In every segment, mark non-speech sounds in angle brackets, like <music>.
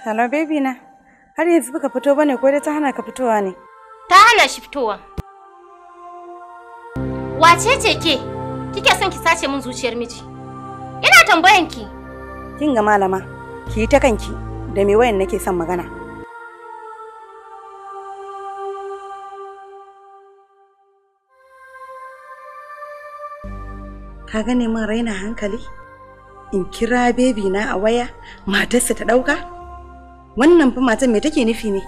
Hello baby na. Har yanzu baka fito bane ko dai ta hana ka fitowa ne? Ta hana shi fitowa. Wace ce ke? Kike son ki sace min zuciyar miji? Ina tambayan ki. Kin ga malama, ki yi ta kanki da me wayan nake son magana. Ka gane min raina hankali? In kira bebi na a waya matarsa ta ɗauka? Wannan fa matan me take nufi ne?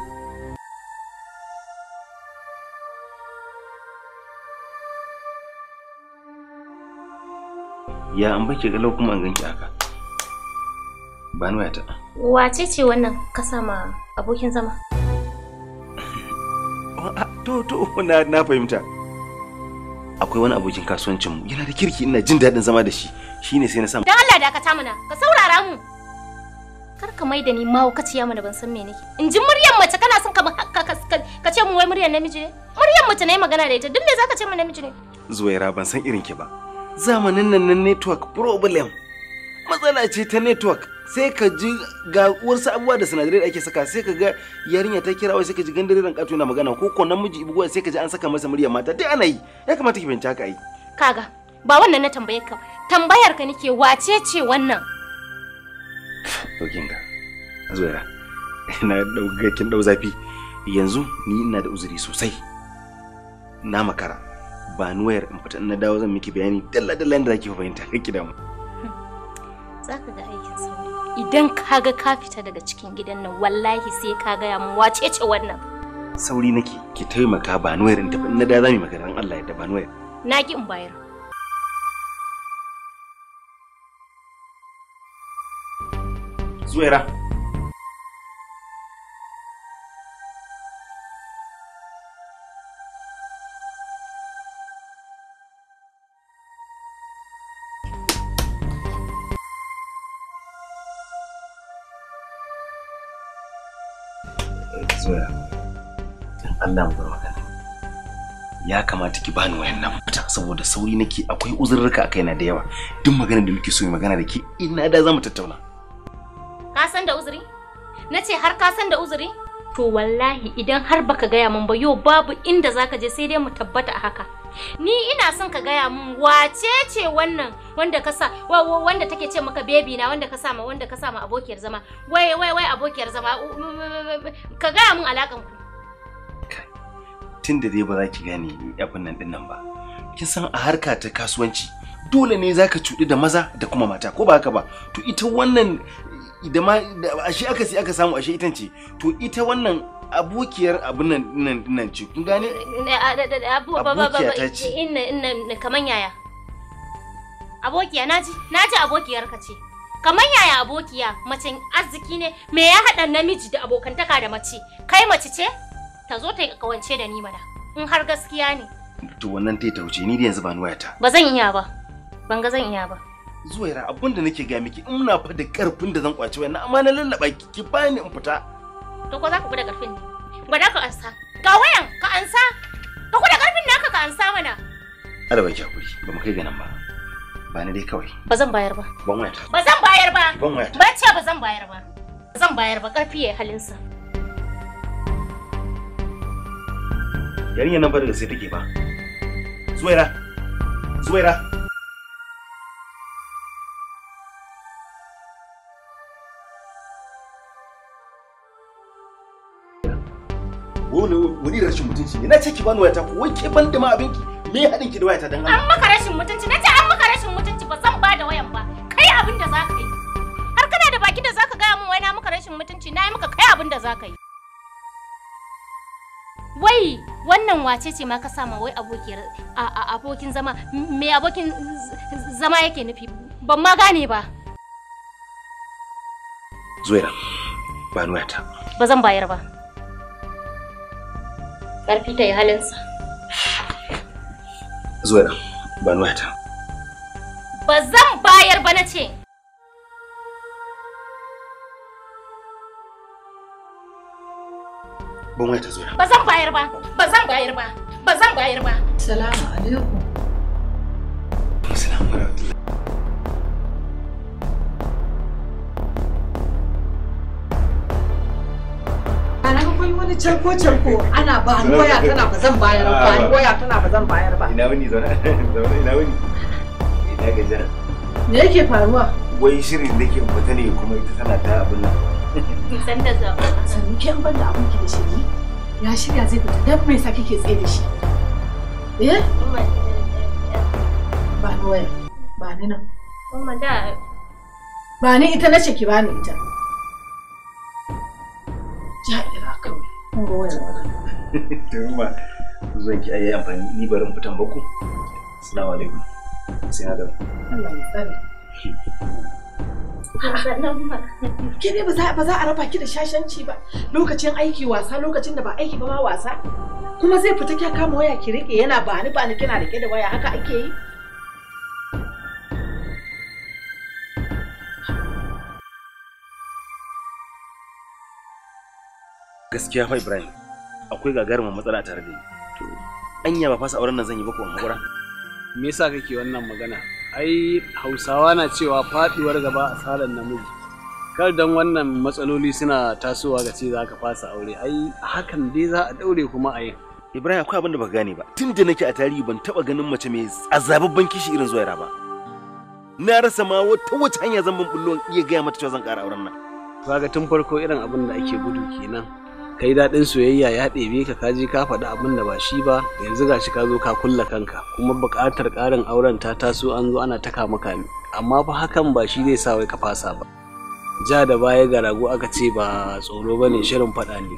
Ya an baki galau kuma an ganki haka. Ba ni wata Wace ce wannan ka sama abokin zama? <laughs> Ah, to to na na fahimta. Akwai wani abokin kasuwancin mu yana da kirki ina jin daɗin zama da shi shine sai na samu. Dan Allah da dakata mana ka saurara mu. kar ka mai da ni mahaukaciya mana ban san me nake in ji muryar mace kana son ka ce mu wai muryar namiji ne muryar mace ne magana da ita duk me zaka ce mu namiji ne zuwaira ban san irin ki ba zamanin nan na network problem matsala ce ta network sai ka ji ga wasu abubuwa da sinadarai da ake saka sai ka ga yarinya ta kira wai sai ka ji gandare ran kato yana magana ko ko namiji ibugo sai ka ji an saka masa murya mata dai ana yi ya kamata ki bincika ka yi kaga ba wannan na tambayar ka tambayar ka nake wace ce wannan to kinga azoya na dauka kin dau zafi yanzu ni ina da uzuri sosai na makara ba ni wayar in fita na dawo zan miki bayani dalla dalla da zaki fahimta kake da mu zaka ga aikin sauri idan ka ga ka fita daga cikin gidan nan wallahi sai ka ga mu wace ce wannan sauri nake ki taimaka ba ni in tafi na da zamu magana Allah ya da ba ni na ki in bayar zuwaira zuwa ya kamata ki bani wayannan mata saboda sauri nake akwai uzurruka a na da yawa duk magana da muke so magana da ke ina da zamu tattauna Ka da uzuri? Na ce har ka san da uzuri? To wallahi idan har baka gaya min ba yau babu inda zaka je sai dai mu tabbata a haka. Ni ina son ka gaya min wace ce wannan wanda ka sa wanda take ce maka baby na wanda ka sa ma wanda ka sa ma abokiyar zama. Wai wai wai abokiyar zama ka gaya min alakan ku. Tunda dai ba za ki gane abin nan din nan ba. Kin san a harka ta kasuwanci dole ne zaka cuɗi da maza da kuma mata ko ba haka ba to ita wannan da ma ashe aka sai aka samu ashe ita ce to ita wannan abokiyar abu nan nan nan ce kun gane abokiya ta ce inna kaman yaya abokiya naji naji abokiyar ka ce kaman yaya abokiya mace arziki ne me ya haɗa namiji da abokantaka da mace kai mace ce ta zo ta kawance da ni mana in har gaskiya ne to wannan ta ta tauce ni da yanzu ba ni wayata ba zan iya ba ban ga zan iya ba zuwaira abinda da nake ga miki in muna fa da karfin da zan kwaci wannan amma na lallaba ki ki bani in fita to ko za ka karfin ne gwada ka ansa ga wayan ka ansa ka da karfin naka ka ansa mana alaba ki hakuri ba mu kai ga nan ba ba ni dai kawai ba zan bayar ba ban waya ba zan bayar ba ban waya ba ce ba zan bayar ba zan bayar ba karfi yayi halinsa yarinya nan ba da sai take ba zuwaira zuwaira wani wani rashin mutunci ne na ce ki bani wayata ko wai ke ban da ma abinki me ya hadin ki da wayata dan Allah an maka rashin mutunci na ce an maka rashin mutunci ba zan bada wayan ba kai abin da zaka yi har kana da baki da zaka gaya min wai na maka rashin mutunci na yi maka kai abin da zaka yi wai wannan wace ce ma ka sama wai abokiyar abokin zama me abokin zama yake nufi ban ma gane ba zuwa ba wayata ba zan bayar ba ƙarfi ta yi halinsa. Zuwa ba ta. Ba zan bayar ba na ce. Ban wayata zuwa. Ba zan bayar ba, ba zan bayar ba, ba zan bayar ba. Salamu alaikum. wani carko carko ana ba ni waya tana ba zan bayar ba ni waya tana ba zan bayar ba ina wani zauna <laughs> zauna ina wani ina ga jira me yake faruwa wai shirin da ke fita ne kuma ita tana ta abin nan san da san ki an banda abin ki da shiri ya shirya zai fita dan me yasa kike tsaye da shi eh, eh ba ni waya ba ni nan kuma da ba ni ita nace ki bani ita mun ga wayar ba <laughs> domin ba zuwan ki ayi amfani ni barin fitan baku assalamu alaikum sai na gaba Allah ya tsare ke ne ba za a raba ki da shashanci ba lokacin aiki wasa lokacin da ba aiki ba ma wasa kuma zai fita kya kama waya ki rike yana ba ni ba ni kina riƙe da waya haka ake yi gaskiya fa Ibrahim akwai gagarumin matsala tare da ni to anya ba fasa auren nan zan yi ba ko hakura me yasa kake wannan magana ai Hausawa na cewa faduwar gaba a salan namiji kar dan wannan matsaloli suna tasowa ga ce zaka fasa aure ai hakan dai za a daure kuma a yi Ibrahim akwai abin da baka gane ba tun da nake a tarihi ban taba ganin mace mai azababban kishi irin zuwa ba na rasa ma wata wata hanya zan bin bullo iya gaya mata cewa zan ƙara auren nan kaga tun farko irin abin da ake gudu kenan kai daɗin soyayya ya ɗebe ka kaji ka faɗi abin da ba shi ba yanzu gashi ka zo ka kulla kanka kuma buƙatar ƙarin auren ta taso an zo ana ta maka ne, amma fa hakan ba shi zai sa wai ka fasa ba ja da baya ga rago aka ce ba tsoro bane shirin faɗa ne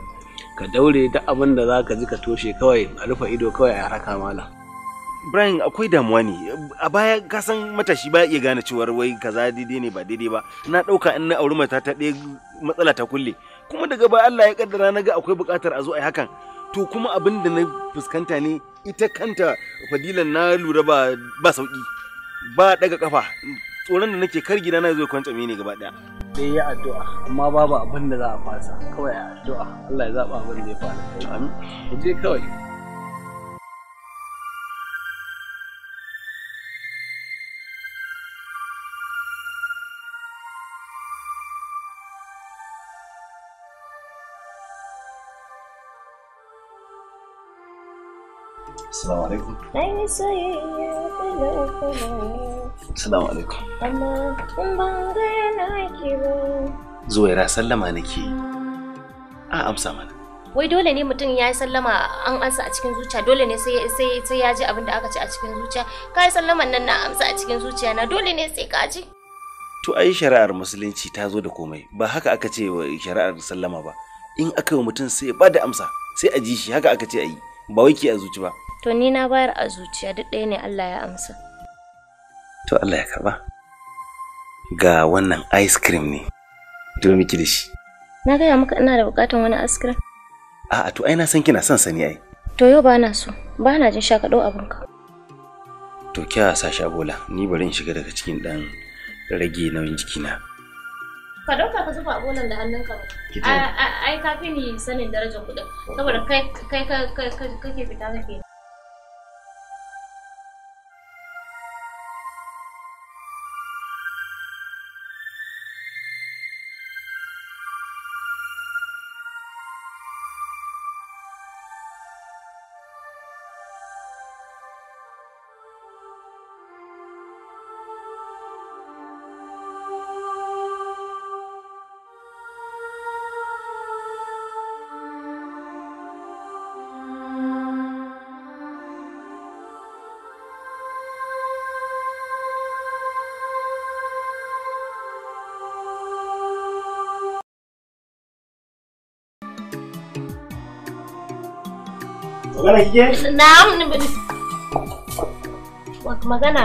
ka daure duk abin da za ka ji ka toshe kawai a rufe ido kawai a haraka mala Brian akwai damuwa ne a baya ka san matashi ba iya gane cewar wai kaza daidai ne ba daidai ba na ɗauka in na auri mata ta ɗaya matsala ta kulle kuma daga baya Allah ya kaddara na ga akwai buƙatar a zo a yi hakan to kuma abin da na fuskanta ne ita kanta fadilan na lura ba ba sauki ba daga kafa tsoron da nake kar gidana zai kwanta kwanta ne gaba daya sai ya addu'a amma babu abin da za a fasa kawai addu'a Allah ya zaba abin da ya fara amin je kawai Assalamu alaikum. Ai soyayya kula kula. Assalamu alaikum. Amma kun ban sallama nake yi. A amsa mana. Wai dole ne mutum ya yi sallama an ansa a cikin zuciya dole ne sai sai ya ji abin da aka ce a cikin zuciya. Ka yi sallaman nan na amsa a cikin zuciya na dole ne sai ka ji. To ai shari'ar musulunci ta zo da komai ba haka aka ce wa shari'ar sallama ba. In aka yi mutum sai ba da amsa sai a ji shi haka aka ce a yi ba wai ke a zuci ba. to ni na bayar a zuciya duk ɗaya ne Allah ya amsa to Allah ya karba ga wannan ice cream ne dole miki da shi na gaya maka ina da bukatan wani ice cream a'a to ai na san kina son sani ai to yau bana so bana jin sha ka dau abin ka to kya sa shagola ni bari in shiga daga cikin dan rage nauyin jikina ka dauka ka zuba gonan da hannunka ba ai kafin ni sanin darajar kuɗin saboda kai kai kake fita kake Magana kike? Na'am ni bin. Wata magana.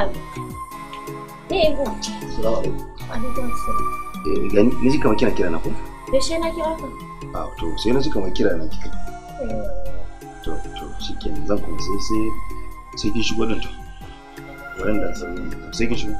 Ne ego. Assalamu alaikum. Alaikum assalam. Eh gani ni ji kamar kina kira na ko? Yaushe na kira ka? Ah to sai na ji kamar kira na kika. To to shikenan zan kuma sai sai sai kin shigo din to. Wurin da sai sai kin shigo.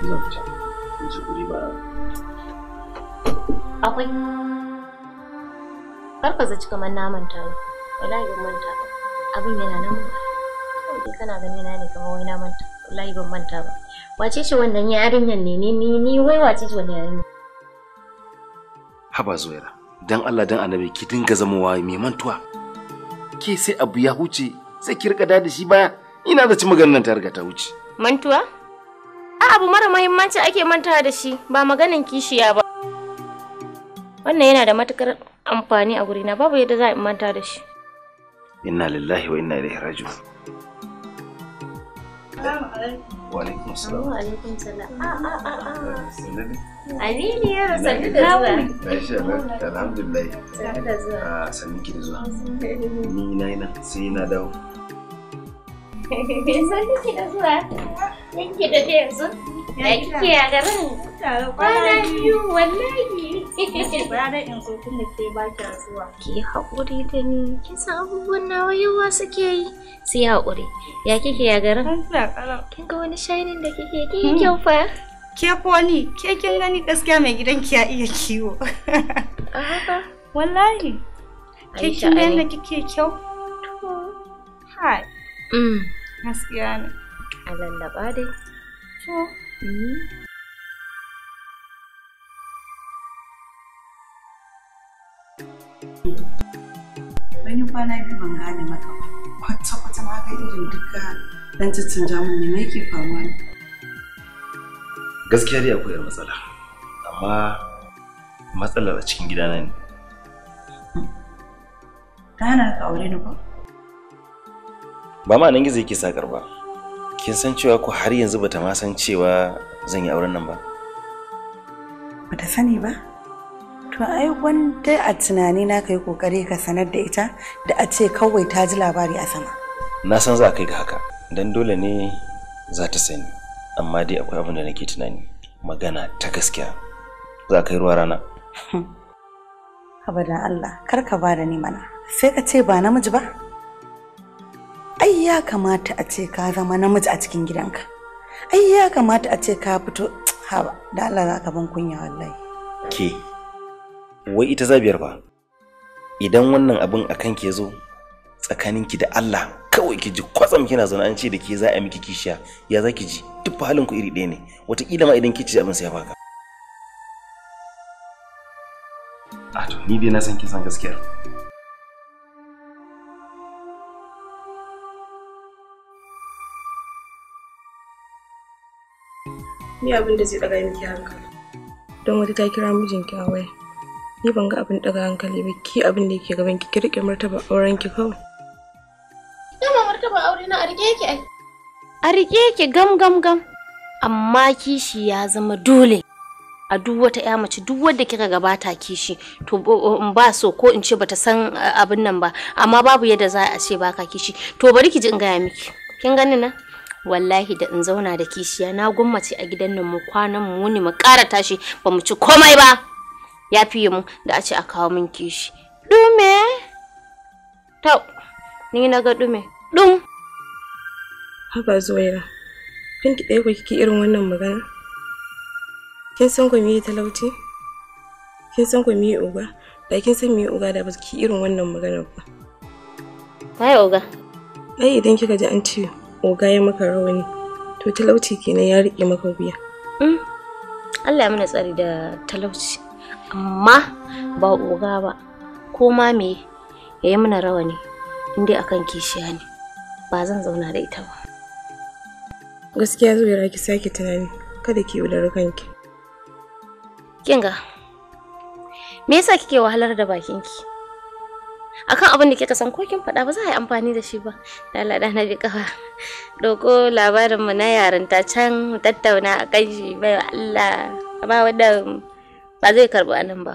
zan akwai wallahi ban manta ba abin yana nan kawai kana gani na ne kamar wai na manta wallahi ban manta ba wace wannan ne ni ni wai wace wannan haba dan Allah dan annabi ki dinga zamowa mai mantuwa ke sai abu ya huce sai ki rika da shi baya ina da ci maganar ta riga ta huce mantuwa abu mara mahimmanci ake manta da shi ba maganin kishiya ba wannan yana da matukar amfani a gurina babu yadda za a manta da shi inna lillahi wa inna ilaihi raji'un wa alaikum salam wa alaikum salam ah, ah, ah, Aminu ya sannu da zuwa. Masha Allah, alhamdulillah. Sannu da zuwa. Sannu ki da zuwa. Ni na ina sai na dawo. <laughs> Sannu ki da zuwa. Kin ki da yanzu? Ya a garin? Kwana biyu wallahi. ke ba zuwa. Ki haƙuri da ni. Kin abubuwan nawa yawa suke yi. Sai haƙuri. Ya kike a garin? Kin ga wani shainin da kike kin hmm. kyau fa. Ke foni, ke kin gani gaskiya mai ki ya iya kiwo. A Wallahi. Ke kin ga kike kyau? Hai. Mm. Gaskiya ne. a lallaɓa dai to yi wani kwana biyu ban gane maka ba kwata-kwata ma ga irin duka dan caccanja mun ne mai ke faruwa ne gaskiya dai akwai matsala amma matsalar a cikin gidana ne ta hana ka aure ni ba ba ma nan gizo yake sakar ba kin san cewa ku har yanzu bata ma san cewa zan yi auren nan ba bata sani ba to ai wanda a tunani na kai kokari ka sanar da ita da a ce kawai ta ji labari a sama na san za kai ga haka dan dole ne za ta sani amma dai akwai abin da nake tunani magana ta gaskiya za kai ruwa rana abadan Allah kar ka bada ni mana sai ka ce ba namiji ba ai ya kamata a ce ka zama namiji a cikin gidanka ai ya kamata a ce ka fito haba da Allah za ka ban kunya wallahi ke wai ita zabiyar ba idan wannan abin a kanki ya zo ki da Allah kawai ki ji kwatsam kina zaune an ce da ke za a miki kishiya ya zaki ji duk halin ku iri ɗaya ne wataƙila ma idan ki abin sai ya baka a to ni dai na san kin san gaskiyar ni abin da zai daga miki hankali don wani ta kira mijinki a awai ni ban ga abin daga hankali ba ki abin da yake gaban ki ki rike martaba auren ki kawai dama martaba aure na a rike ai a rike gam gam gam amma kishi ya zama dole a duk wata ya mace duk wadda kika gabata kishi to in ba so ko in ce bata san abin nan ba amma babu yadda za a ce baka kishi to bari ki ji in gaya miki kin gani na wallahi da in zauna da kishiya na gwammace a gidan nan mu kwanan mu wuni mu ƙara tashi ba mu ci komai ba ya fiye mu da a ce a kawo min kishi dume ta ni na ga dume dum haba zoya kin ki ɗaya ku kike irin wannan magana kin san ku me talauci kin san ku me uga da kin san me uga da ba ki irin wannan magana ba ai oga. Ai idan kika ji an ciwo. oga ya maka rawani to talauci kenan ya rike maka wuya mm. Allah ya mana tsari da talauci amma ba oga ba ko ma me ya yi mana rawani inda akan kishiya ne ba zan zauna da ita ba gaskiya zuwa ki sake tunani kada ki yaudari kanki kinga me yasa kike wahalar da bakinki akan abin da kika san ko kin faɗa ba za a yi amfani da shi ba lala da na bi kafa doko labarin mu na yarinta can tattauna a kan shi bai Allah amma wanda ba zai karbi anan ba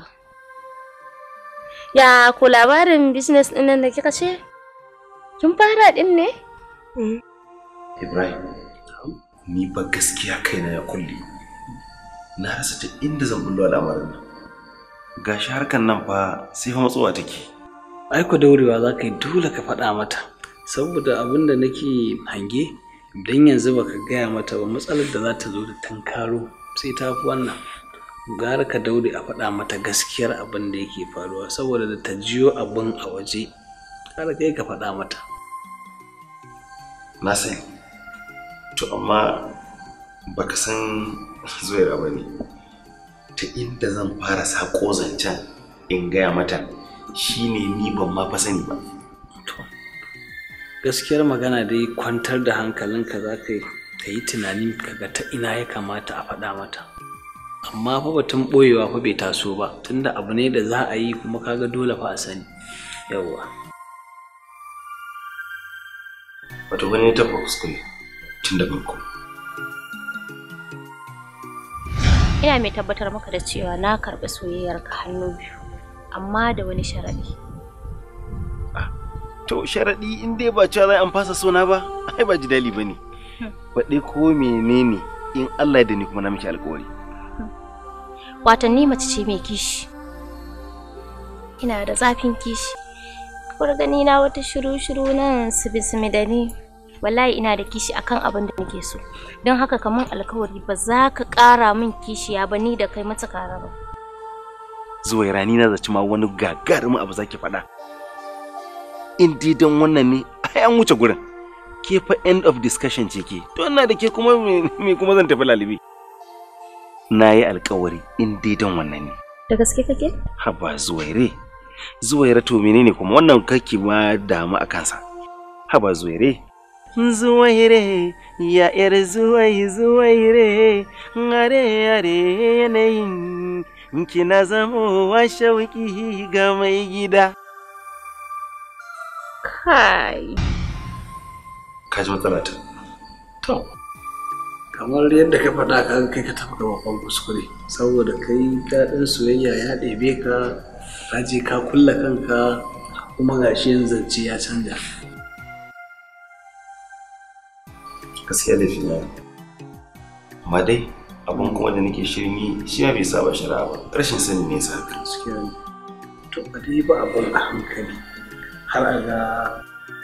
ya ko labarin business din nan da kika ce kin fara din ne mm. Ibrahim ni ba gaskiya kaina ya kulle na rasa ta inda zan bullo al'amarin Ga gashi harkan nan fa sai fa matsowa take aiko daurewa za ka yi dole ka faɗa mata saboda abin da nake hange don yanzu ba ka gaya mata ba matsalar da za ta zo da tankaro sai ta fi wannan gara ka daure a faɗa mata gaskiyar abin da yake faruwa saboda da ta jiyo abin a waje gara kai ka faɗa mata na sani to amma ba ka san zuwa ba ne ta inda zan fara sako zancen in gaya mata shine ni ban ma fa sani ba gaskiyar magana dai kwantar da hankalinka za ka yi tunanin ga ta ina ya kamata a faɗa mata amma fa batun ɓoyewa fa bai taso ba tunda abu ne da za a yi kuma kaga dole fa a sani yawwa wato wani ta kuskure tun da ina mai tabbatar maka da cewa na karɓi soyayyarka hannu biyu amma da wani sharaɗi. Ah, to sharaɗi in dai ba cewa zai an fasa sona ba, ai ba ji dali ba ne. Hmm. ko menene in Allah da ni kuma na miki alkawari. Hmm. Watanni mace ce mai kishi. Ina da zafin kishi. Kuwar gani na wata shiru-shiru nan su bismi da ni. Wallahi ina da kishi akan abin da nake so. Don haka kamar alƙawari ba za ka ƙara min kishiya ba ni da kai mata ba. zuwa rani na zaci ma wani gagarumin abu zaki faɗa in didan wannan ne ai an wuce gurin ke fa end of discussion ce ke to ina da ke kuma me kuma zan tafi lalibi na yi alkawari in didan wannan ne da gaske kake haba zuwaire zuwaire to menene kuma wannan kake ma damu a kansa haba zuwaire Zuwaire, ya ‘yar zuwai zuwaire, ngare are yanayin in kina zamo wa shauki ga mai gida kai ka ji matsala to kamar yadda ka faɗa ka kai ka tafi gaban kuskure saboda kai daɗin soyayya ya ɗebe ka raji ka kulla kanka kuma shi yin zance ya canja gaskiya laifi ne ma dai abin kuma da nake shirin yi shi ya bai saba shara ba rashin sani ne sa to a dai ba abin a hankali har a ga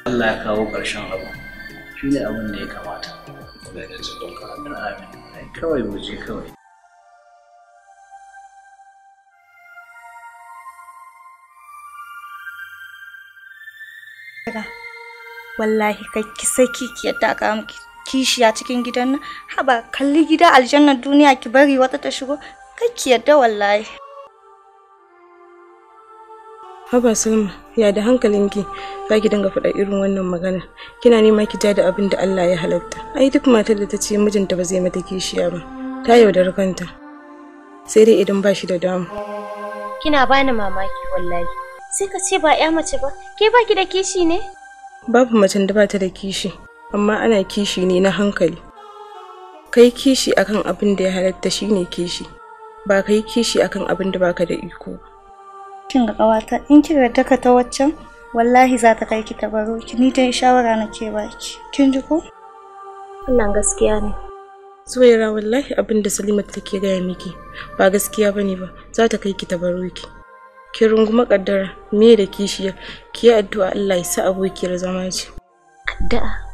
Allah ya kawo ƙarshen abu shi ne abin da ya kamata da ci don amin amin kawai mu kawai wallahi kai ki saki ki yadda aka miki kishiya cikin gidan nan haba kalli gida aljannar duniya ki bari wata ta shigo ki yadda wallahi haba salma ya da hankalinki za ki dinga faɗa irin wannan magana kina nema ki ja da abin da allah ya halatta ai duk matar da ta ce mijinta ba zai mata kishiya ba ta yaudar kanta sai dai idan ba shi da damu kina bani mamaki wallahi sai ka ce ba ya mace ba ke baki da kishi ne babu macen da bata da kishi amma ana kishi ne na hankali kai kishi akan abin da ya halatta shine kishi ba kai kishi akan abin da baka da iko shin ga kawata in da ka ta waccan wallahi za ta kai ki ta baro ki ni dai shawara na ke baki kin ji ko wannan gaskiya ne Zuwaira wallahi abin da Salima take gaya miki ba gaskiya bane ba za ta kai ki ta baro ki ki runguma kaddara me da kishiya ki yi addu'a Allah ya sa abokiyar zama ce addu'a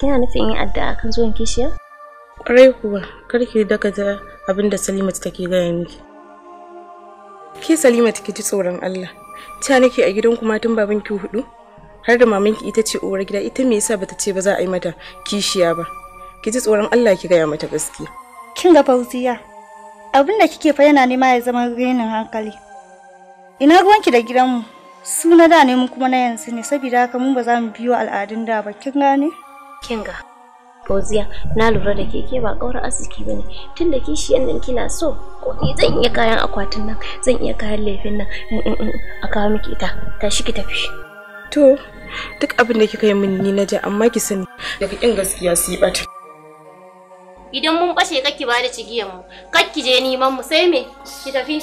Kina nufin yin addu'a kan zuwan kishiya? Ƙwarai kuwa, kar ki dakata abin da Salimatu take gaya miki. Ki Salimatu ki ji tsoron Allah. Ta nake a gidan kuma tun baban ki hudu? Har da mamanki ita ce uwar gida, ita me yasa bata ce ba za a yi mata kishiya ba? Ki ji tsoron Allah ki gaya mata gaskiya. Kin ga Fauziya, abin da kike fa yana nema ya zama renin hankali. Ina ruwanki da gidan mu. na da ne mu kuma na yanzu ne, saboda haka mun ba za mu biyo al'adun da ba, kin gane? Kinga, Fauziya, na lura da keke ba kaura asiki bane ne, tun da kishiyan nan kina so, ko ni zan iya kayan akwatin nan, zan iya kayan laifin nan, a kawo miki ita, tashi ki tafi. To, duk abin da kika yi min ni na amma ki sani, daga kin gaskiya su yi ɓata. Idan mun bashe kakki ba da cigiyan mu, ki je neman mu sai me, ki tafi.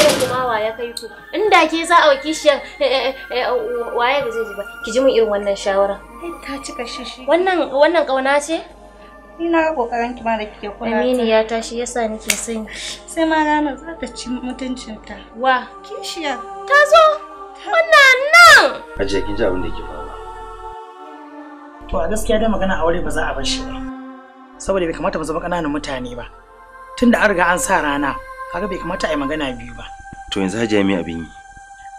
irin kuma wa ya kai ku inda ke za a waki shi eh, eh, eh, waye da zai ji ba ki ji mun irin wannan shawara ka cika shishi wannan wannan kauna ce ina na ga kokarin ki ma da kike kula amini ya tashi yasa nake son sai ma ranar za ta ci mutuncinta wa kishiya ta zo wannan nan aje kin ji abin da ke faruwa to a gaskiya da magana aure ba za a bar shi ba saboda bai kamata ba zama ƙananan mutane ba tun da an riga an sa rana kaga bai kamata a yi magana biyu ba to yanzu hajiya me abin yi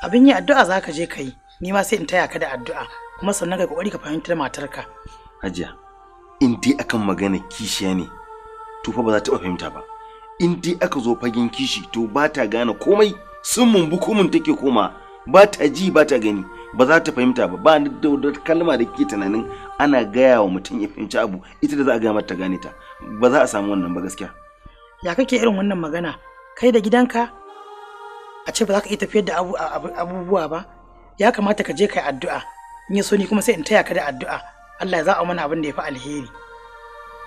abin yi addu'a za ka je ka yi ni ma sai in taya ka da addu'a kuma sannan ka kokari ka fahimtar matarka hajiya in dai akan magana kishiya ne to fa ba za ta fahimta ba in dai aka zo fagen kishi to ba ta gane komai sun mumbu komun take koma ba ta ji ba ta gani ba za ta fahimta ba ba da kalma da ke tunanin ana gaya wa mutum ya fahimci abu ita da za a gaya mata ta gane ta ba za a samu wannan ba gaskiya ya kake irin wannan magana kai da gidanka a ce ba za ka iya tafiyar da abubuwa ba ya kamata ka je ka yi addu'a in ya so ni kuma sai in taya ka da addu'a Allah ya za'a mana abin da ya fi alheri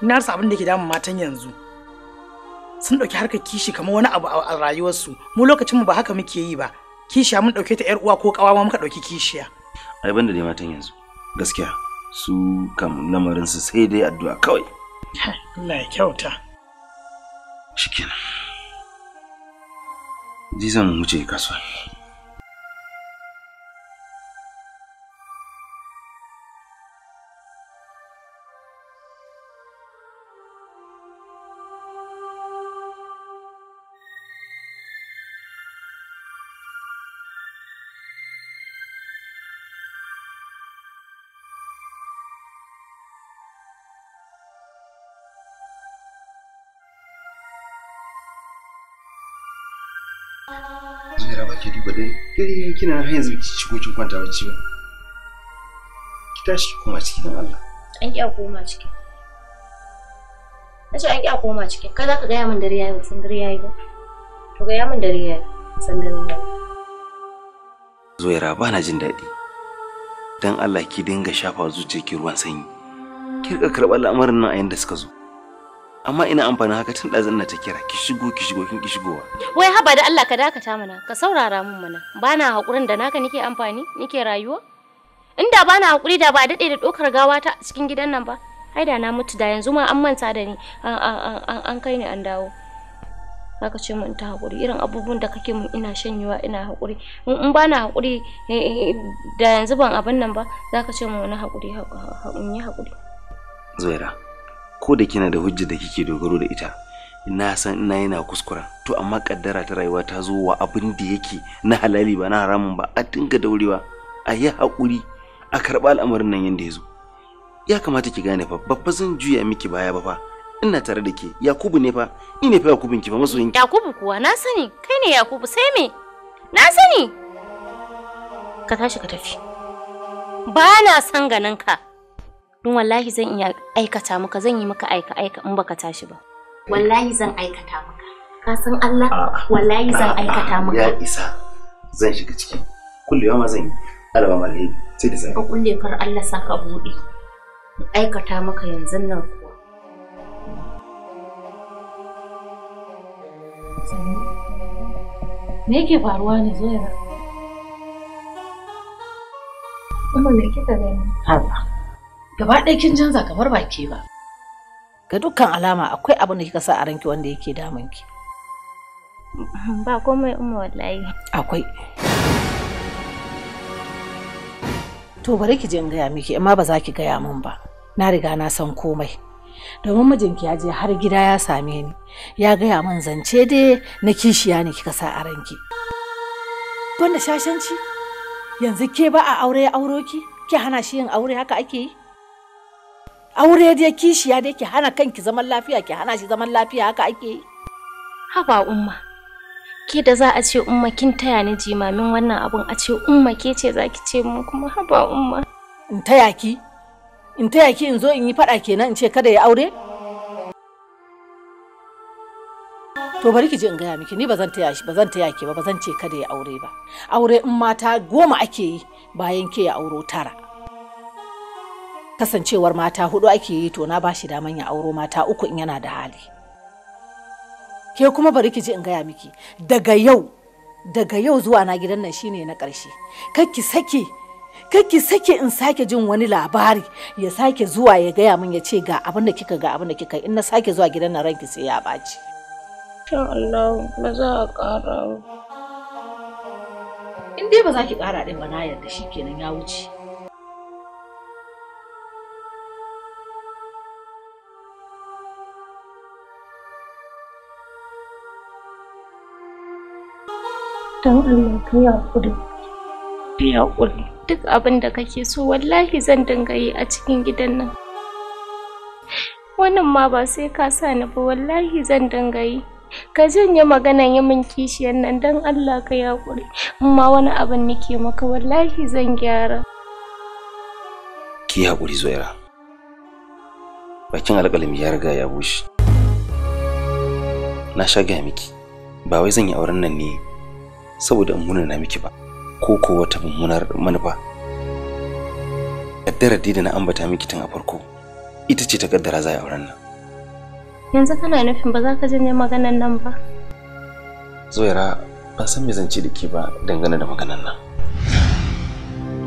na rasa abin da ke damun matan yanzu sun ɗauki harkar kishi kamar wani abu a rayuwarsu mu lokacin mu ba haka muke yi ba kishiya mun ɗauke ta yar uwa ko kawawa muka ɗauki kishiya ai banda dai matan yanzu gaskiya su kam lamarin su sai dai addu'a kawai Allah ya kyauta shikenan ji zan wuce kasuwa Kiri kina har yanzu ki shigo kin kwanta bacci ba. Ki tashi ki koma ciki Allah. An ki koma ciki. Na ce an ki a koma ciki. Kai za ka gaya min dare yayi san dare yayi ba. To gaya min dare yayi san dare yayi. Zuwaira ba na jin daɗi. Dan Allah ki dinga shafa zuciyarki ruwan sanyi. Ki riƙa karɓar al'amarin nan a yanda suka zo. amma ina amfani haka tun ɗazin na ta kira ki shigo ki shigo kin ki shigowa. Wai haba da Allah ka dakata mana ka saurara mun mana bana hakurin da naka nike amfani nike rayuwa. Inda bana hakuri da ba a da dokar gawa ta cikin gidan nan ba. haida na mutu da yanzu ma an manta da ni an kai ni an dawo. Zaka ce mun ta hakuri irin abubuwan da kake mun ina shanyewa ina hakuri in bana hakuri eh, eh, da yanzu ban abin nan ba zaka ce mun wani hakuri in yi hakuri. Zuwaira. ko da kina da hujja da kike dogaro da ita na san ina yana kuskura to amma kaddara ta rayuwa ta zo wa abin da yake na halali ba na haramun ba a dinga daurewa a yi haƙuri a karɓi al'amarin nan yadda ya zo ya kamata ki gane fa babba zan juya miki baya ba fa ina tare da ke yakubu ne fa ni ne fa yakubin ki fa masoyin ki yakubu kuwa na sani kai ne yakubu sai me na sani ka tashi ka tafi ba na san ganin ka in wallahi zan iya aikata maka zan yi maka aika aika in baka tashi ba wallahi zan aikata maka ka san Allah wallahi zan aikata maka ya isa zan shiga ciki kullewa ma zan yi alaba malheri sai da sai ka kulle kar Allah saka bude in aikata maka yanzu nan kuwa me yake faruwa ne zo yana Umar me kika gani? Haba. gaba ɗaya kin canza kamar ba ke ba ga dukkan alama akwai abin da kika sa a ranki wanda yake damun ki ba komai umma wallahi akwai to bari ki je in gaya miki amma ba za ki gaya min ba na riga na san komai domin mijinki ya je har gida ya same ni ya gaya min zance dai na kishiya ne kika sa a ranki banda shashanci yanzu ke ba a aure ya auro ki ki hana shi yin aure haka ake yi aure dai kishiya dai ki hana kanki zaman lafiya ki hana shi zaman lafiya haka ake yi haba umma ke da za a ce umma kin taya ni jimamin wannan abun a ce umma ke ce za ki ce mu kuma haba umma in taya ki in taya ki in zo in yi fada kenan in ce kada ya aure to bari ki je in gaya miki ni bazan taya shi ba taya ki ba bazan ce kada ya aure ba aure in mata goma ake yi bayan ke ya auro tara kasancewar mata hudu ake yi to na bashi daman ya auro mata uku in yana da hali ke kuma bari ki ji in gaya miki daga yau daga yau zuwa na gidan nan shine na ƙarshe kakki sake kakki sake in sake jin wani labari ya sake zuwa ya gaya min ya ce ga abin da kika ga abin da kika in na sake zuwa gidan nan ranki sai ya baci ba za a In dai ba za ki kara din ba na yarda shikenan ya wuce. don Allah ka yi haƙuri. Ka yi Duk abin da kake so wallahi zan dinga yi a cikin gidan nan. Wannan ma ba sai ka sa ni ba wallahi zan dinga yi. Ka janye maganan yi min kishiyar nan don Allah ka yi haƙuri. Amma wani abin nake maka wallahi zan gyara. Ki haƙuri Zuwaira. Bakin alƙalami ya riga ya bushe. Na sha gaya miki, ba wai zan yi auren nan ne saboda in munana miki ba ko ko wata mummunar manufa kaddara da na ambata miki tun a farko ita ce ta kaddara za a auren nan yanzu kana nufin ba za ka janye maganan nan ba zoyara ban san me zan ce da ke ba dangane da maganan nan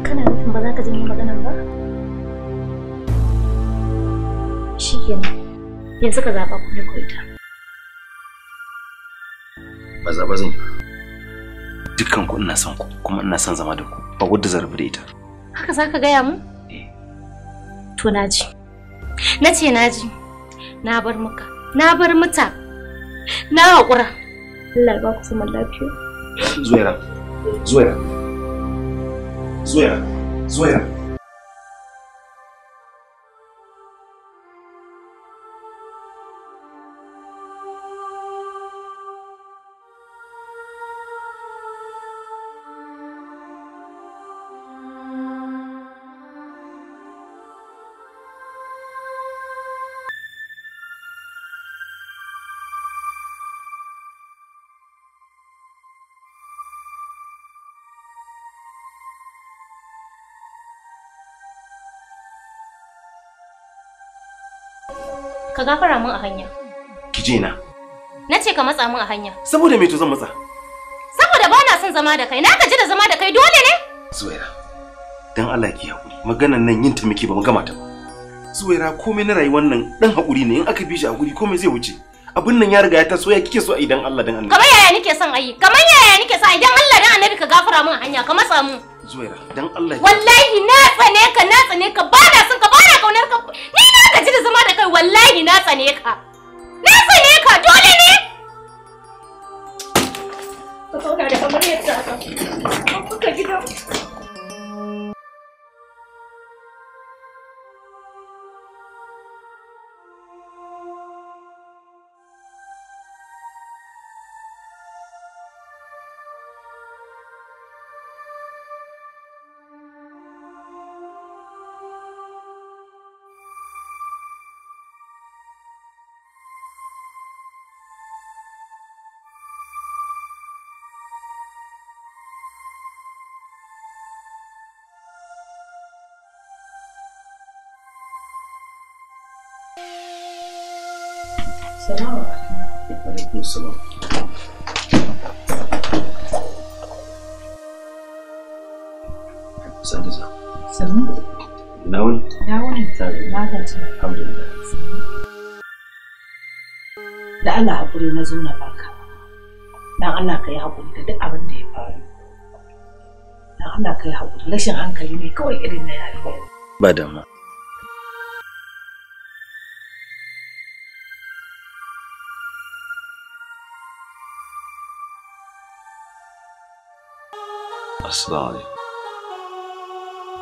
kana nufin ba za ka janye maganan ba shikenan yanzu ka zaba kuma ko ita ba ba zan yi dukkan ku ina son ku kuma ina son zama da ku ba wadda zarbi da ita haka za ka gaya mu eh. to naji na ce naji na bar muka na bar muta na haƙura Allah ya ba ku zaman lafiya zuwaira zuwaira zuwaira zuwaira gafara min a hanya. Ki je na. Na ce ka matsa min a hanya. Saboda me to zan matsa? Saboda ba na son zama da kai, na gaji da zama da kai dole ne? Zuwaira, dan Allah ki haƙuri, maganan nan yin ta miki ba mu gama ta ba. Zuwaira komai na rayuwar nan dan haƙuri ne, in aka bi shi haƙuri komai zai wuce. Abin nan ya riga ya taso ya kike so a idan Allah dan Allah. Kamar yaya nike son ayi? Kamar yaya nike son idan Allah dan Annabi ka gafara min a hanya, ka matsa mun. Zuwaira, dan Allah. Wallahi na tsane ka, na tsane ka, ba na son ka, ba na kaunar ka. Ni zama da kai wallahi na tsane ka Salamu alaikum. Alaikum Na Da Allah haƙuri na zo na baka. Dan Allah ka yi haƙuri da duk ya faru. Dan Allah ka yi haƙuri. Rashin hankali ne kawai irin na yare. Ba damuwa. a slide.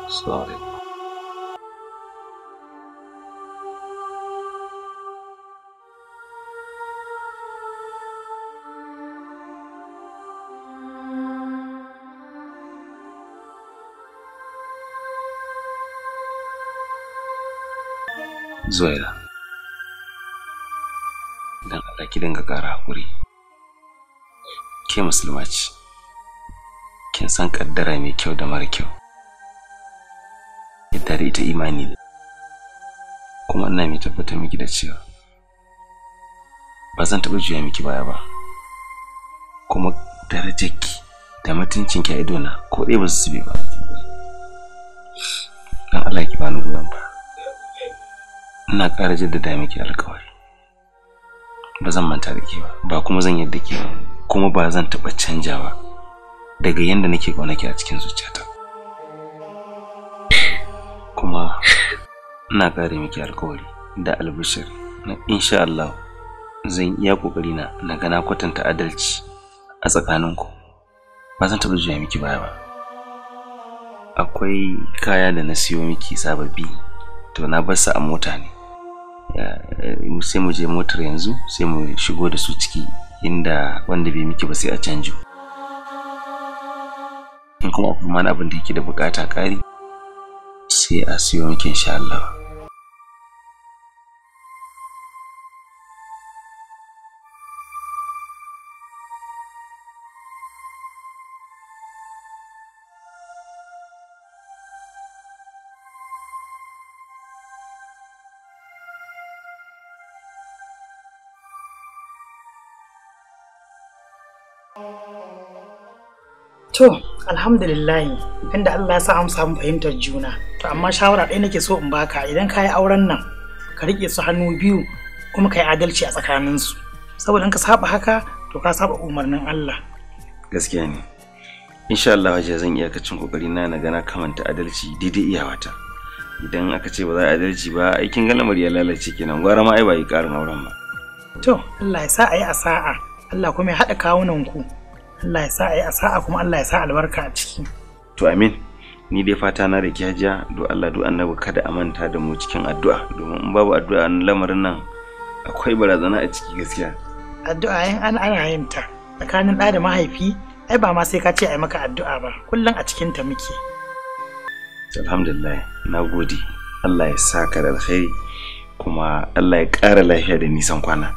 Slide. Zuwaira, ka dinga haƙuri, ke musulma ce. cikin san kaddara mai kyau da mara kyau yadda da ita imani ne kuma ina mai tabbatar miki da cewa ba zan taɓa juya miki baya ba kuma darajarki da mutuncinki a idona ko ɗaya ba su zube ba don Allah ki bani goyon ba ina ƙara jaddada miki alkawari ba zan manta da ke ba ba kuma zan yadda ke ba kuma ba zan taɓa canjawa daga yadda nake ki a cikin zuciyata kuma ina kare miki alkawari da albishir na insha Allah zan iya ƙoƙari na na gana kwatanta adalci a tsakaninku ba zan taɓa zuwa miki baya ba akwai kaya da na siyo miki sababbi to na bar su a mota ne eh, sai mu je motar yanzu sai mu shigo da su ciki inda wanda bai miki ba sai a canjo in kuma akwai wani abin da yake da bukata ƙari sai a siyo miki insha Allah To, alhamdulillahi tunda Allah ya sa an samu fahimtar juna to amma shawara ɗaya nake so in baka idan ka yi auren nan ka riƙe su hannu biyu kuma ka yi adalci a tsakanin su saboda in ka saba haka to ka saba umarnin Allah gaskiya ne insha Allah waje zan iya cin kokari na na gana kamanta adalci daidai iyawata idan aka ce ba za a adalci ba aikin galamar ya lalace kenan gwara ma ai ba yi karin auren ba to Allah ya sa a yi a sa'a Allah kuma ya haɗa kawunan ku Allah ya sa a yi asa'a kuma Allah ya sa albarka a ciki to amin ni dai fata na da kyajiya do Allah do annabi kada a manta da mu cikin addu'a domin in babu addu'a lamarin nan akwai barazana a ciki gaskiya addu'a yin an ana yin ta tsakanin ɗa da mahaifi ai ba ma sai ka ce ai maka addu'a ba kullum a cikin ta muke alhamdulillah na gode Allah ya ka da alkhairi kuma Allah ya ƙara lafiya da nisan kwana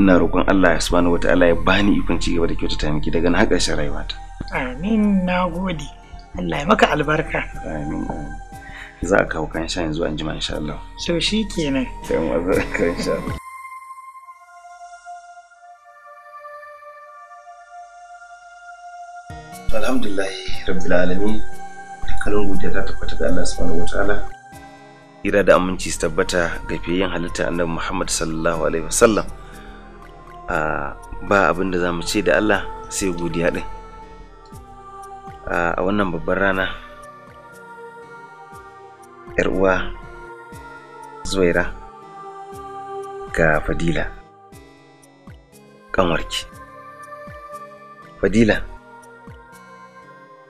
ina roƙon Allah ya subhanahu wata'ala ya bani ikon ci gaba da ta miki daga na haka shi rayuwata amin nagode Allah ya maka albarka amin za a kawo kan sha yanzu an jima insha Allah so kenan. sai mu azaka kan Allah alhamdulillah rabbil alamin dukkanin godiya ta tabbata da Allah subhanahu wata'ala ira da aminci su tabbata ga fiye yin halitta annabi Muhammad sallallahu alaihi wasallam ba abin da za mu ce da Allah sai godiya ɗin a wannan babban rana uwa zuwaira ga fadila kanwarki fadila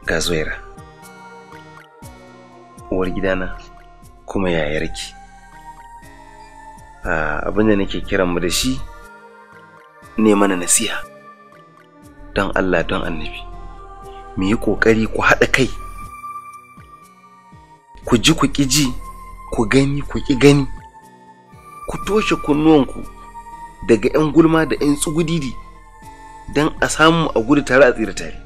ga zuwaira uwar gidana kuma yayarki abin da nake kiran mu da shi ne mana nasiha don Allah don annabi mu yi ƙoƙari ku haɗa kai ku ji ku ƙi ji ku gani ku ƙi gani ku toshe kunnuwanku daga 'yan gulma da 'yan tsugudidi don a samu a gudu tare a tsira tare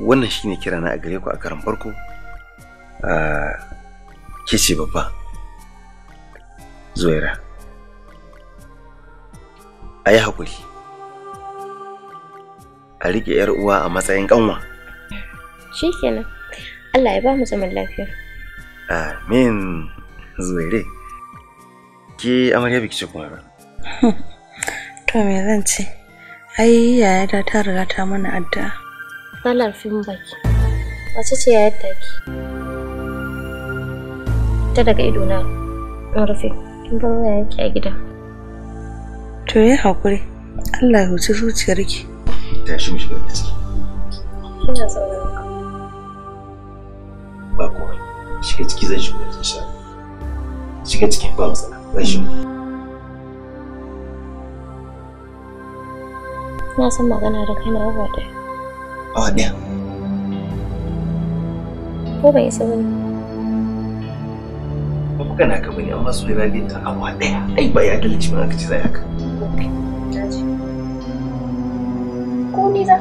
wannan shine kira na a gare ku a karan farko a ah, kici babba zuwaira a yi haƙuri a riƙe 'yar uwa a matsayin ƙanwa shikenan allah ya ba mu zaman lafiya amin zuwaire ke amarya biki ce kuma <laughs> to me zan ce ai yaya ta ta riga ta mana adda kalar fin baki wace ce yayar ta ki ta daga ido na rufe kin bar yayar ki a gida To yi haƙuri, Allah ya huci zuciyarki. shi mu shiga ciki. Ina sauraron ka. Ba ko shiga ciki zai shigo da insha Shiga ciki ba matsala, zai shigo. Na san magana da kai na awa ɗaya. Awa ɗaya? Ko bai isa ba ne? na ka bane amma soyayya ne ta awa daya ai ba ya dalci ba ka ci zai haka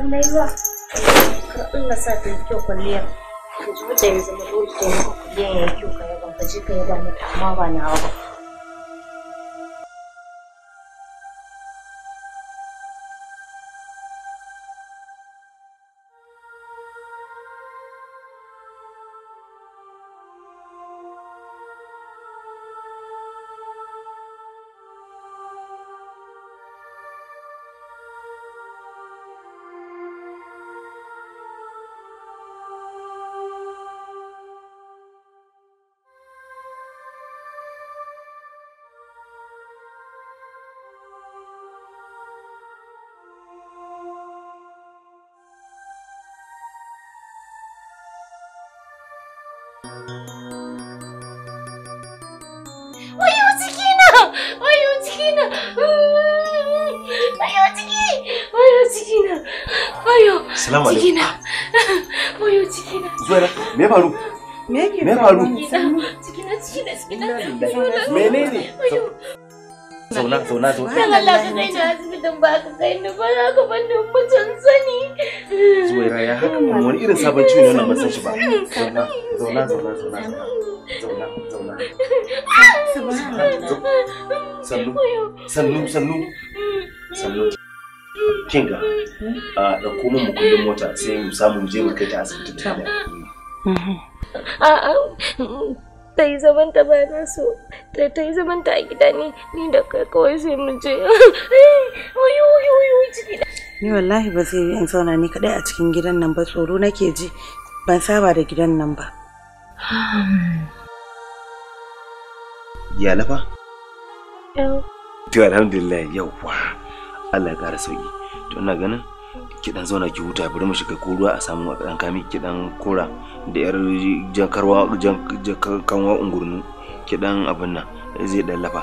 in na yi wa kar Allah sa ta yi kyau kwalliyar ka ji da ya zama dole ta yi kyau kwalliyar ya kyau ka yaba ka je ka yaba mata amma ba nawa ba Wayo cikina! Wayo cikina! Wayo ciki! Wayo cikina! Wayo! Salamu alaikum. Cikina! Wayo cikina! Zuwaira, me ya faru? Me yake faru? Cikina, cikina, cikina. Menene? Zauna, zauna, zauna. Dan Allah ka kai ni asibitin ba ka kai ni ba za ka ban ni mutum sani. zuwaira ya haka kuma wani irin sabon ciwo ne wannan ban san shi ba zauna zauna zauna zauna zauna zauna sannu sannu sannu sannu kinga a da kuma mu kullum mota sai mu samu je mu kai ta asibiti da a'a ta yi zaman ta ba na ta yi zaman ta a gida ne ni da kai kawai sai mu je wuyu wuyu wuyu ciki ni wallahi ba zai yi in zauna ni kadai a cikin gidan nan ba tsoro nake ji ban saba da gidan nan ba <sighs> ya lafa to alhamdulillah yawwa Allah ya kara sauki to ina ganin ki dan zauna ki huta bari mu shiga ko a samu dan kami ki dan kora da yar jankarwa kanwa ungurnu ki dan abin nan zai dan lafa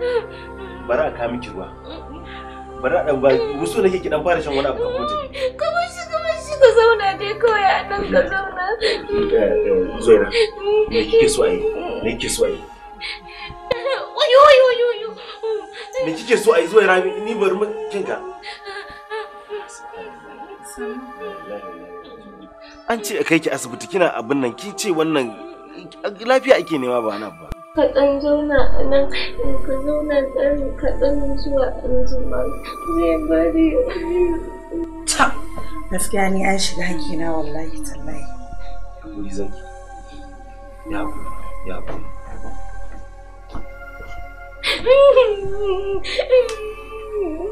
bari a kawo miki ruwa bari a ɗan ba wasu nake ki dan fara shan wani abu kafin mutum kamar shi kamar shi ka zauna dai kawai a nan ka zauna zaira me kike so a yi me kike so a yi oyo oyo oyo me kike so a yi zuwa rami ni bari mu kinka an ce a kai ki asibiti kina abin nan ki ce wannan lafiya ake nema ba na ba ka ɗan zauna a nan ka zauna ɗan kaɗan zuwa ɗan zuma zai bari ta gaskiya ni an shiga hakina wallahi tallahi hakuri ya hakuri ya hakuri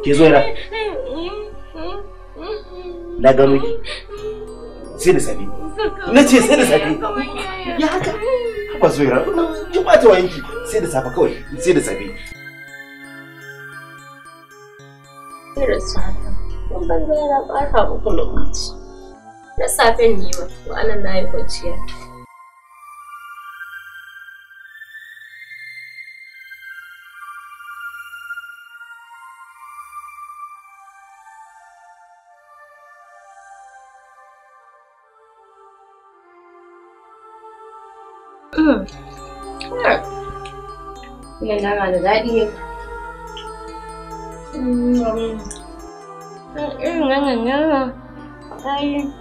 ki zo na na gano ki sai da sabi na ce sai da sabi ya haka ba zo yara kin ba ta wayanki sai da safe kawai sai da safe ban zo yana uku na safen ne wa anan na yi kwanciya Đây. Miền Nam là daɗi irin wannan yana kayan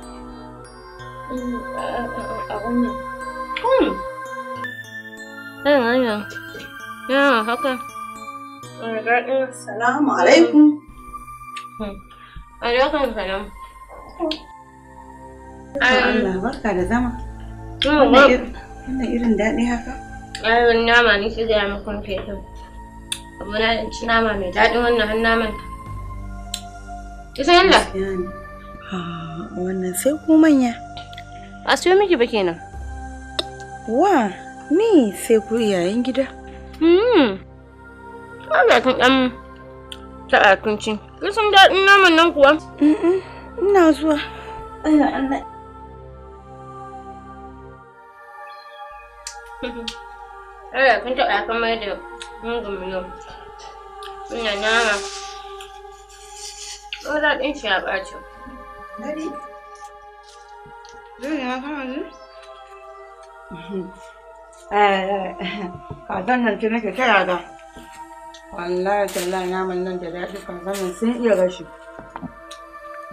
a wannan hmm irin wannan yana haka Salamu alaikum. Alaikum salam. Allah barka da zama. Wannan irin daɗi haka? ƙarin nama ne nake gaya makon fetur abu na ci nama mai daɗin wannan har naman ta san yalla wannan sai ku manya a siyo miki ba kenan wa ni sai ku iyayen gida hmm Allah kan ɗan taɓa tunci. kin san daɗin naman nan kuwa ina zuwa Allah Allah <laughs> Allah eh, kun taɓa da mungun miliyon. Ina nama. Tsoron ɗin shi ya ɓaci. Dari? Dole ya kama zu? Eh, kazan nan tun nake tara da. Wallahi tallahi naman nan da daɗi kazan nan sun iya gashi.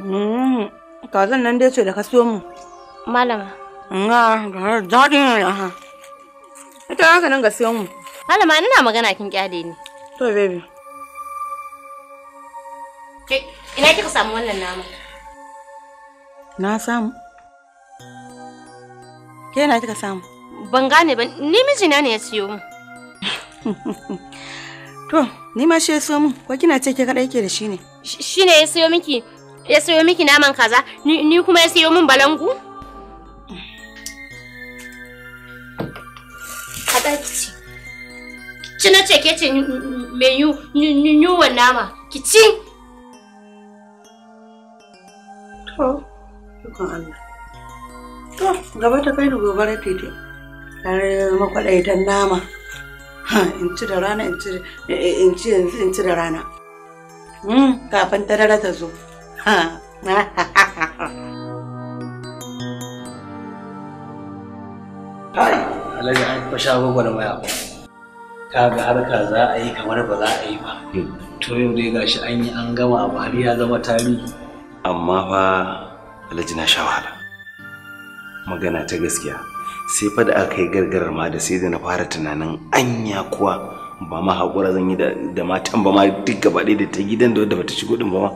Mm, kazan nan dai ce da ka siyo mu. Nga, daɗi ne ha. Ita haka nan gaskiyan mu. Malama ina magana kin kyale ni. To baby. ina kika samu wannan nama? Na samu. Ke ina kika samu? Ban gane ba, ni mijina ne ya siyo mu. <laughs> To, ni ma shi ya siyo mun, ko kina ce ke kada ke da shi ne? Shi ne ya siyo miki, ya siyo miki naman kaza, ni kuma ya siyo min balangu? a ɗaki ci ci na ce ke ce mai yiwuwan nama ki ci to ikon Allah to gaba ta kai da gobara titi tare makwaɗaitan nama in ci da rana in ci yanzu in ci da rana hmm, kafin ta dara ta zo ha! alhaji an fa shago gwada Ka ga harka za a yi kamar ba za a yi ba hmm. to yau dai gashi an yi an gama abu har ya zama tarihi amma fa alhaji na sha wahala magana ta gaskiya sai fa da aka yi gargarar ma da sai da na fara tunanin anya kuwa ba ma haƙura zan yi da matan ba ma duk gaba ɗaya da ta gidan da wadda bata shigo din ba ma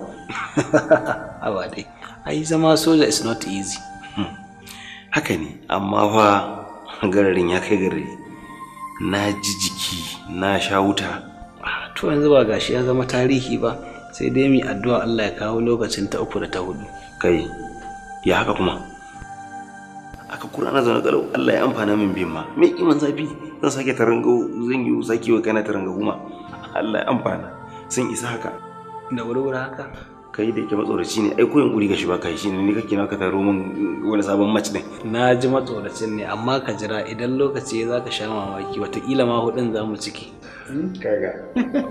<laughs> hawa dai ai zama soja is not easy hmm. haka ne amma fa gararin ya kai gari na ji jiki na sha wuta ah, to yanzu ba gashi ya zama tarihi ba sai dai mi addu'a Allah ya kawo lokacin ta uku da ta hudu kai ya haka kuma aka kura na zaune galau Allah ya amfana min bin ma me iman zafi zan sake tarango zan yi sake wa kana tarango kuma Allah ya amfana sun isa haka da wurwura haka kai da ke matsoraci ne ai koyin yunkuri ga shi ba kai shi ne kake ka taro min wani sabon match din na ji matsoracin ne amma ka jira idan lokaci za zaka sha mamaki watakila ma hudin za mu ciki hmm, kaga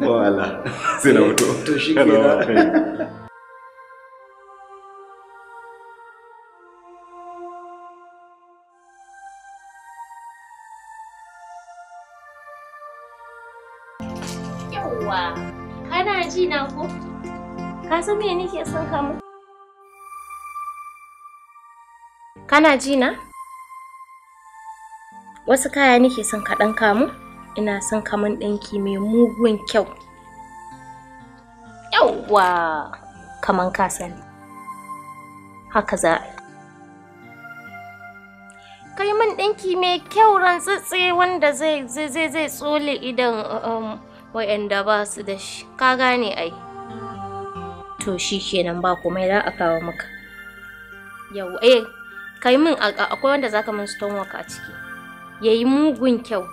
wala sai na mutu eh, to shi me nake son ka mu kana ji na wasu kaya nake son ka ɗan kamu ina son kamun ɗinki mai mugun kyau yauwa kaman ka sani haka za kai min ɗinki mai kyau rantsatse wanda zai zai zai tsole idan um, wa'anda ba su da shi ka gane ai to shi kenan ba komai za a kawo maka yau eh kai min akwai wanda zaka min work a ciki yayi mugun kyau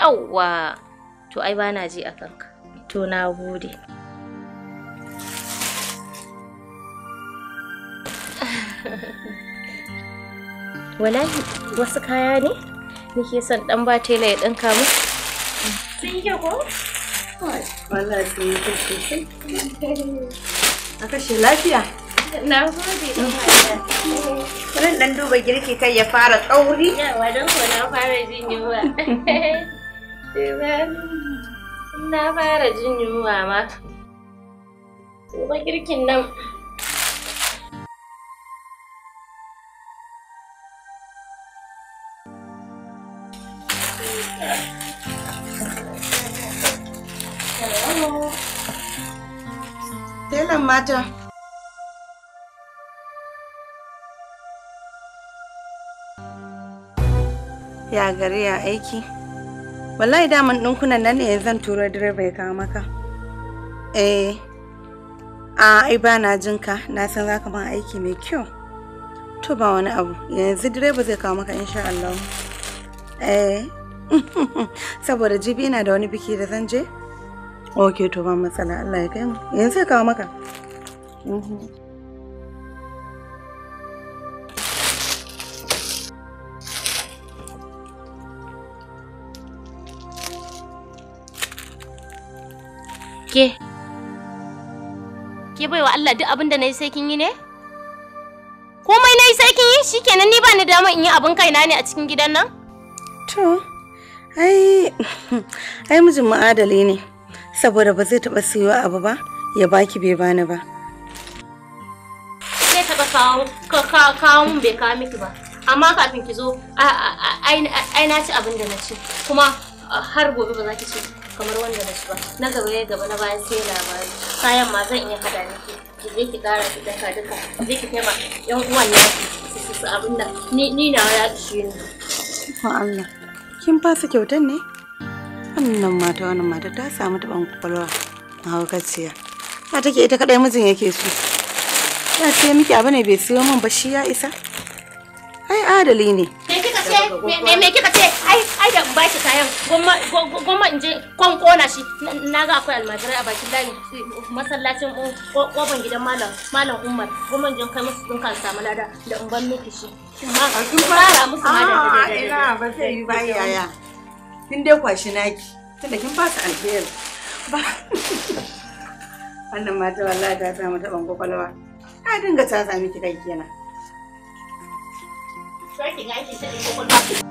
yawwa to ai bana ji a kanka to na gode <laughs> wallahi wasu kaya ne nake son dan ba tela ya dinka mu sun yi ko wallahi sun yi <laughs> a lafiya na gode dan duba girki kai ya fara tsauri yawa don ko na fara jin yunwa <laughs> na fara jin yunwa ma ba girkin nan ƙananan mata ya gari ya aiki wallahi daman ɗinkunan nan ne zan turo direba ya kawo maka eh a ai ba na jinka na san za ka ban aiki mai kyau to ba wani abu yanzu direba zai kawo maka insha Allah eh <laughs> saboda jibi na da wani biki da zan je ok to ba matsala Allah ya kai mu yanzu zai kawo maka Ke, Ke, bai wa Allah duk abin da na yi sai kin yi ne? Komai na yi sai kin yi shi kenan ni ba ni dama in yi abin kaina ne a cikin gidan nan? To, ai, ai mijin ma'adali ne, saboda ba zai taɓa siyo abu ba, ya baki bai bani ba. ya taɓa kawo kawo mun bai kawo miki ba amma kafin ki zo ai na ci abin da na ci kuma har gobe ba za ki ci kamar wanda na ci ba na gaba ya gaba na bayan sai labari kayan ma zan iya hada miki ki je ki kara ki daka duka je ki taima yan uwan na su su abin da ni ni na ya ci ni Allah kin fasa kyautan ne wannan mata wannan mata ta samu taban kwalwa a haukaciya ta take ita kadai mijin yake so ya ce miki abu ne bai siyo min ba shi ya isa ai adali ne me kika ce me me kika ce ai ai da ba shi kayan Goma goma in je kon kona shi na ga akwai almajirai a bakin layi masallacin kofar um, gidan malam malam umar Goma in je kai musu dinka kan samu lada da in ban miki shi Kin ma kin fara musu ma da ina ba sai yi ba yaya kin dai kwashi naki tunda kin ba su alheri <laughs> ba <laughs> wannan mata wallahi ta samu taban kwakwalwa a dinga caza miki kai kenan Twerking ake ta ɗin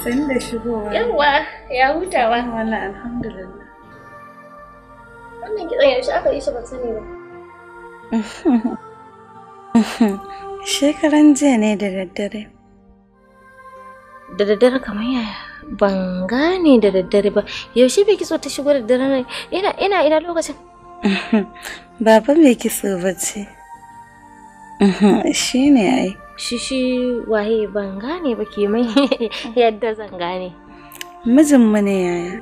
Sani da shigowa. Yawwa, ya hutawa. Wala alhamdulillah. Wannan kitson yaushe aka yi shi ba sani ba. Shekaran jiya ne da daddare. Da daddare kamar yaya? Ban gane da daddare ba. Yaushe bai kitso ta shigo da daddare ina ina ina lokacin. <laughs> Baba bai kitso ba ce. <laughs> Shi ne ai. Shi shi waye ban gane ba ke mai <laughs> yadda zan gane. Mijinmu ne yaya.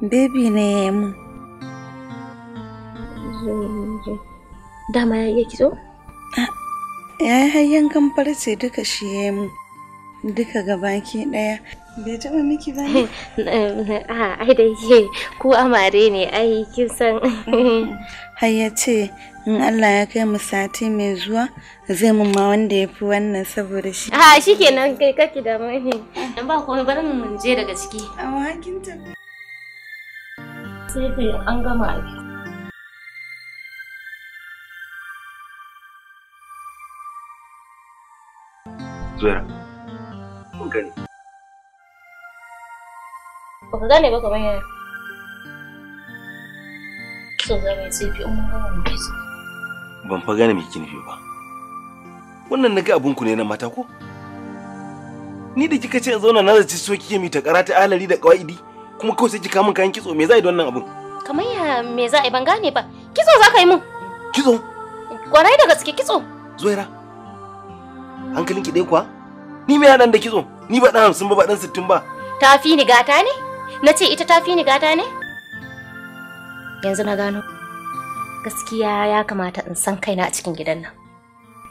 Baby ne ya yi mu. Dama ya iya kitso? Ya yi hayyan kamfar sai duka shi ya yi mu. Duka gabaki ɗaya. Bai taɓa miki ba ne? <laughs> Ah, ai da ke ku amare ne ai kin san. <laughs> Har ya ce in Allah ya kai mu sati mai zuwa zai mun ma wanda ya fi wannan saboda shi. A ah, shi kenan kai kaki da mai. Dan ba komai bari mu je daga ciki. Amma hakin tafi. Sai kai an gama aiki. zuwa ba ka ba kamar ban fa gane ba wannan ne na ni da kika ce in zauna na zaci so kike mi ta karata alali da kawaidi kuma kawai sai kika min kayan kitso me za a yi don nan abun kamar ya me za a yi ban gane ba kitso za ka yi min kitso kwarai da gaske kitso zuwaira hankalin ki dai kuwa ni me haɗan da kitso ni ba ɗan hamsin ba ba ɗan sittin ba Tafi ni gata ne na ce ita tafi ni gata ne yanzu na gano gaskiya ya kamata in san kaina a cikin gidan nan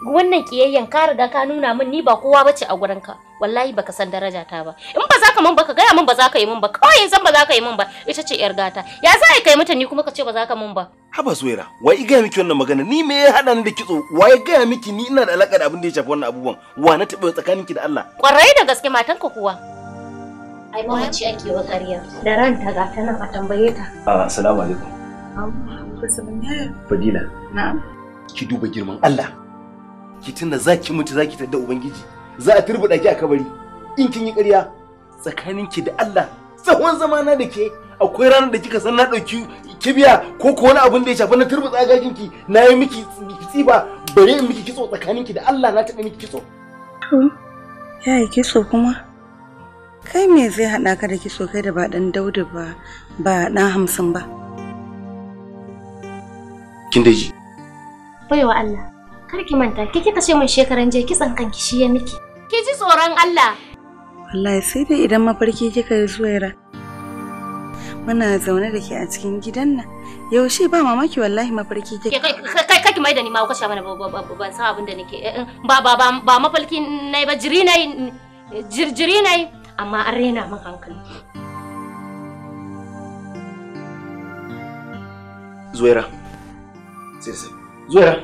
wannan kiyayyen ka riga ka nuna min ni ba kowa bace a gurin ka wallahi baka san daraja ta ba in ba za ka min ba ka gaya min ba za ka yi min ba kawai san ba za ka yi min ba ita ce yar gata ya za ka yi mutane kuma ka ce ba za ka min ba haba zuwaira wai ga miki wannan magana ni me ya hada ni da kitso wai ga miki ni ina da alaka da abin da ya shafi wannan abubuwan wa na taɓa tsakaninki da Allah kwarai da gaske matanka kuwa ai mamaci ake wa ƙarya da ran ta ga ta nan a tambaye ta assalamu alaikum fadila na'am ki duba girman Allah ki tunda zaki mutu zaki tadda ubangiji za a turbuda ki a kabari in kin yi ƙarya tsakaninki da Allah tsawon zamana da ke akwai ranar da kika san na ɗauki kibiya ko ko wani abin da ya shafi na turbi tsagagin ki na yi miki tsiba bare in miki kitso tsakanin ki da Allah na taɓa miki kitso. To, ya yi kitso kuma? Kai me zai haɗa ka da kitso kai da ba ɗan Dauda ba ba ɗan hamsin ba? Kin dai ji. Baiwa Allah, kar ki manta, ki kika ce min shekaran je kitson kanki shi ya miki. Ki ji tsoron Allah. Wallahi sai dai idan mafarki kika yi zuwa muna zaune da ke a cikin gidan nan yaushe ba mamaki wallahi mafarki ke kai kai mai da ni ma ku kashe mana ban san abin da nake eh, eh, ba ba ba ba mafarki nai ba jiri nai jirjiri nai amma an rena min hankali Zuwaira Zuwaira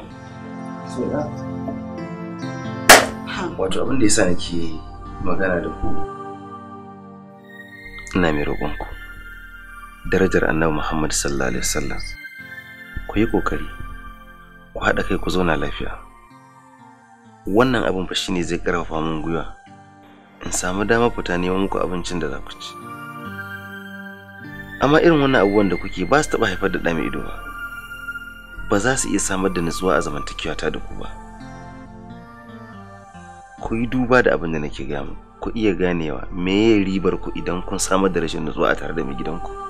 Zuwaira wato abin da yasa nake magana da ku ina mai roƙonku darajar annabi Muhammad sallallahu alaihi wasallam ku yi kokari ku haɗa kai ku zauna lafiya wannan abin fa shine zai karfafa mun gwiwa in samu dama fita neman muku abincin da za ku ci amma irin wannan abubuwan da kuke ba su taɓa haifar da ɗa ido ba ba za su iya samar da nutsuwa a zamantakewa ta da ku ba ku yi duba da abin da nake gaya muku ku iya ganewa me ribar ku idan kun samar da rashin nutsuwa a tare da mai gidanku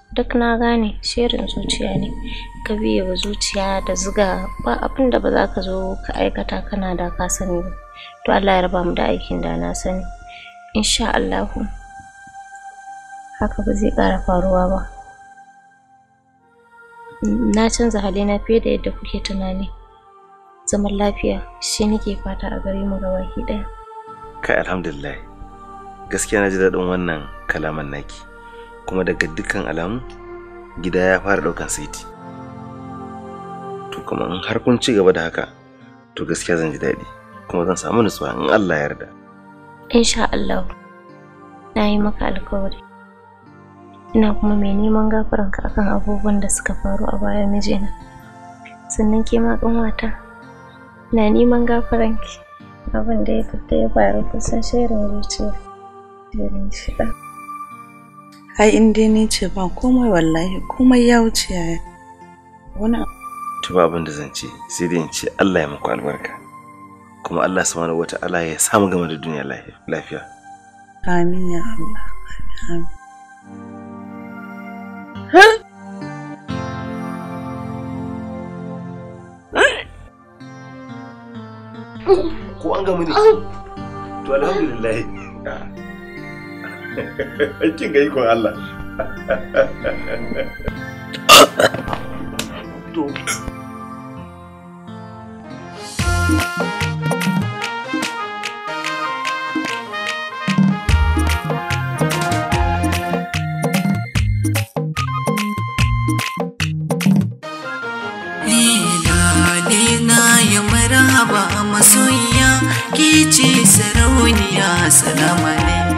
duk na gane shirin zuciya ne ka biye wa zuciya da ziga ba abin da ba za ka zo ka aikata kana da ka sani ba to Allah ya raba mu da aikin da na sani insha Allah haka ba zai ƙara faruwa ba na canza halina fiye da yadda kuke tunani zaman lafiya shi nake fata a gare mu gabaki ɗaya kai alhamdulillah gaskiya na ji daɗin wannan kalaman naki kuma daga dukkan alamu gida ya fara ɗaukan saiti to kuma in har kun ci gaba da haka to gaskiya zan ji daɗi kuma zan samu nutsuwa in Allah ya yarda insha Allah na yi maka alkawari ina kuma mai neman gafaranka akan abubuwan da suka faru a baya mijina sannan ke ma ƙanwata na neman gafaranki abin da ya fita faru kusan shirin zuciya da shiɗa ai in dai ni ce ba komai wallahi komai ya wuce yaya wani ba abin da zan ce sai dai in ce Allah ya muku albarka kuma Allah subhanahu ta'ala ya samu gama da duniya lafiya amin ya Allah amin ko an gama ne to alhamdulillah Kin ga ikon Allah. To. Masoyiya, ke ce sarauniya, salama ne.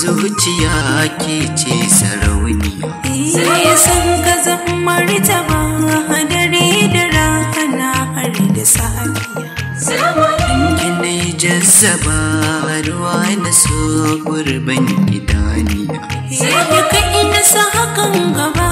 zuciya ke ce sarauniya sai san ka zan martaba dare da rahana, har da safiya in yi jazzaba ruwa na so gurban idaniya sai ka ina sa hakan gaba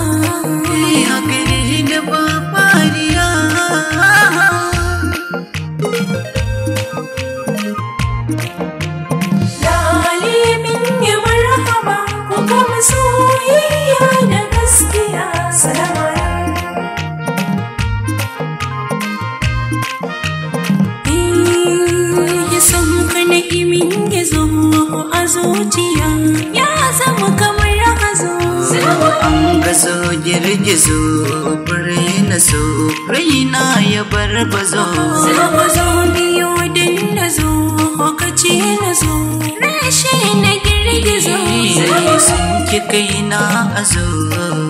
kai na zuwa